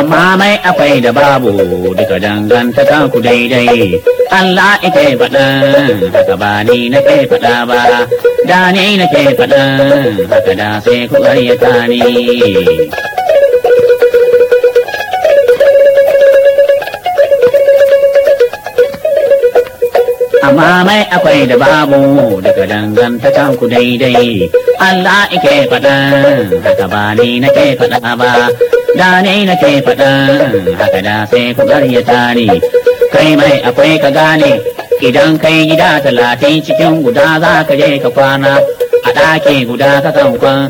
amma mai akwai da babu duka ta ku daidai Allah ike faɗa haka ba ni na ke faɗa ba da ni na ke faɗa haka da sai ku ƙaryata ni amma mai akwai da babu daga ta ku daidai Allah ike faɗa haka ba ni na ke faɗa ba Danai na nake faɗa haka da sai ku garyata ne kai mai akwai ka gane idan kai gida talatin cikin guda za ka je ka kwana a ɗaki guda ka kan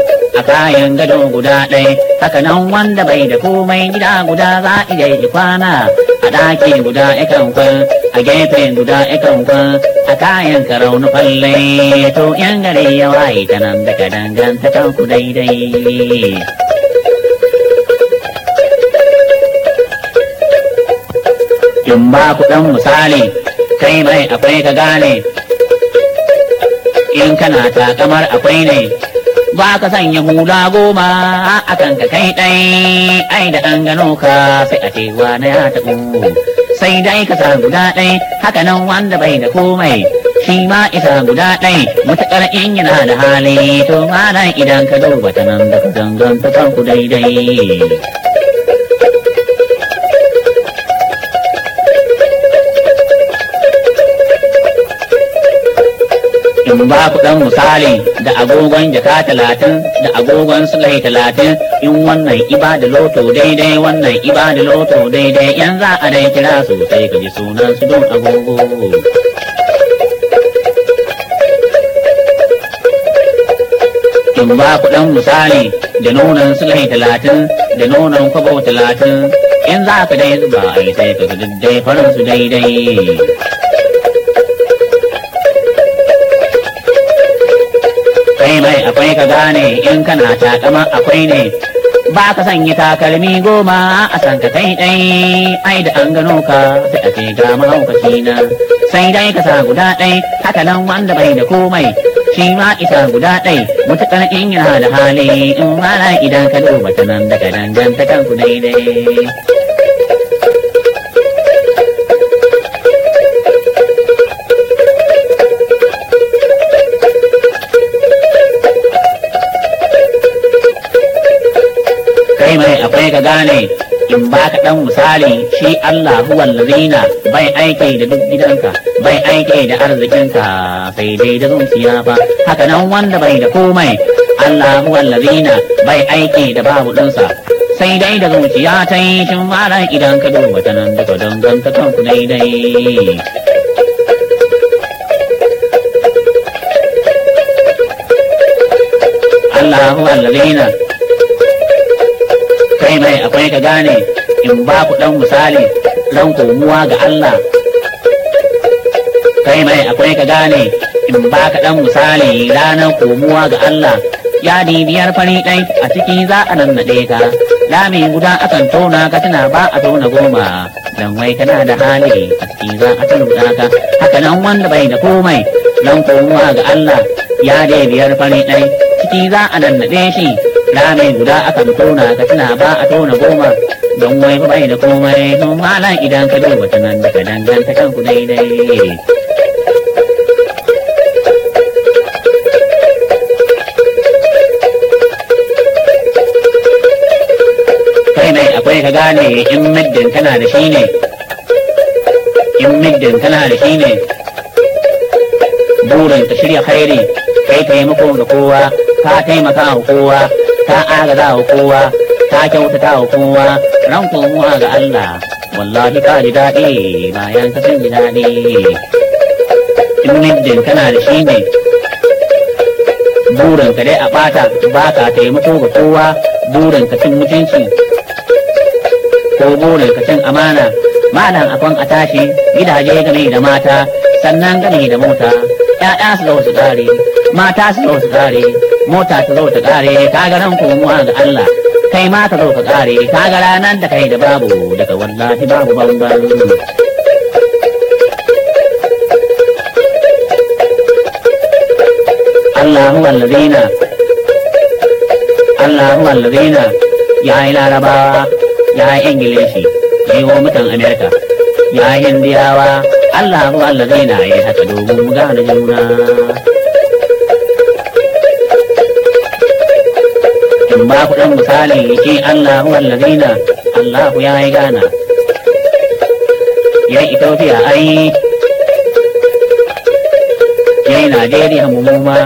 a kayan gado guda ɗaya haka nan wanda bai da komai gida guda za a iya kwana a ɗaki guda kan kwan a gefe guda kan kwan a kayan karau na falle to yan gare ya wayi ta nan daga danganta ku daidai in ba ku misali kai mai akwai ka gane in kana ta takamar akwai ne ba ka sanya hula goma a kan ka kai ɗai ai da ɗan gano ka sai a cewa na ya taɓu sai dai ka sa guda ɗai haka nan wanda bai da komai shi ma isa guda ɗai matuƙar in yana da hali to ma idan ka duba ta nan da ku zangon ta ku daidai in ba ku dan misali da agogon jaka talatin da agogon sulai talatin in wannan iba da loto daidai wannan iba da loto daidai yan za a dai kira sosai ka ji sunan su don agogo in ba ku dan misali da nonon sulai talatin da nonon kwabo talatin in za ka dai zuba yi sai ka ga dai farin su daidai akwai mai akwai ka gane in kana takama akwai ne ba ka sanya takalmi goma a san ka kai dai ai da an gano ka sai ake ga mahaukaci na sai dai ka sa guda dai haka nan wanda bai da komai shi ma isa guda dai mutakar in yana da hali in mara idan ka duba ta nan daga dangantakan ku daidai. ce mai akwai ka gane in ba ka dan misali shi Allah huwa lazina bai aiki da duk gidanka bai aike da arzikinka sai dai da zuciya ba haka nan wanda bai da komai Allah huwa lazina bai aike da babu ɗansa sai dai da zuciya ta yi shin mara idan ka duba ta nan daga danganta kanku daidai Allah huwa lazina kai mai akwai ka gane in ba ku dan misali dan komuwa ga Allah kai mai akwai ka gane in ba ka dan misali ranar komuwa ga Allah ya biyar fari dai a ciki za a nan nade ka lami guda akan tona ka tana ba a tona goma dan wai kana da hali a ciki za a taluɗa ka haka nan wanda bai da komai dan komuwa ga Allah ya biyar fari dai ciki za a nan nade shi rami guda aka tona ka tuna ba a tona goma don wai ba bai da komai don malan idan ka duba ta nan daga danganta kanku daidai kai mai akwai ka gane in middin kana da shi ne in middin kana da shi ne burin ta shirya khairi kai taimako da kowa ka taimaka wa kowa ta agaza wa kowa ta kyauta wa kowa ran komowa ga Allah wallahi ka ji daɗi bayan ka san ji daɗi in mijin kana da shi ne burinka dai a ɓata ba ka taimako ga kowa burinka cin mutunci ko burinka cin amana malam akon a tashi gidaje game da mata sannan game da mota 'ya'ya su da wasu tare mata su da wasu tare mota ta zo ta kare ga ran komuwa ga Allah kai ma ta zo ka kare ga ranan da kai da babu daga wallahi babu banban. Allahu huwa Allahu Allah ya yi larabawa ya yi ingilishi ya yi wa mutan america ya yi hindiyawa Allah huwa allazina ya haka mu gane juna ba ku ɗan misali ya ce Allahu wallazina Allahu ya yi gana ya yi Ethiopia ai ya yi Najeriya mu ma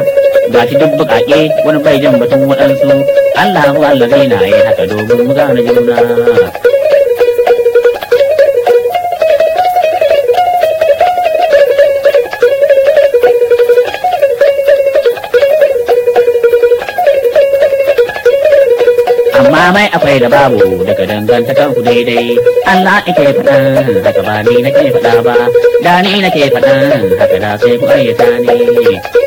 ga shi duk buƙaƙe wani bai jan batun waɗansu Allahu wallazina ya yi haka domin mu gane juna. amma mai akwai da babu daga dangantakan ku daidai Allah ake faɗa haka ba ni nake faɗa ba da ni nake faɗa haka da sai ku ayyata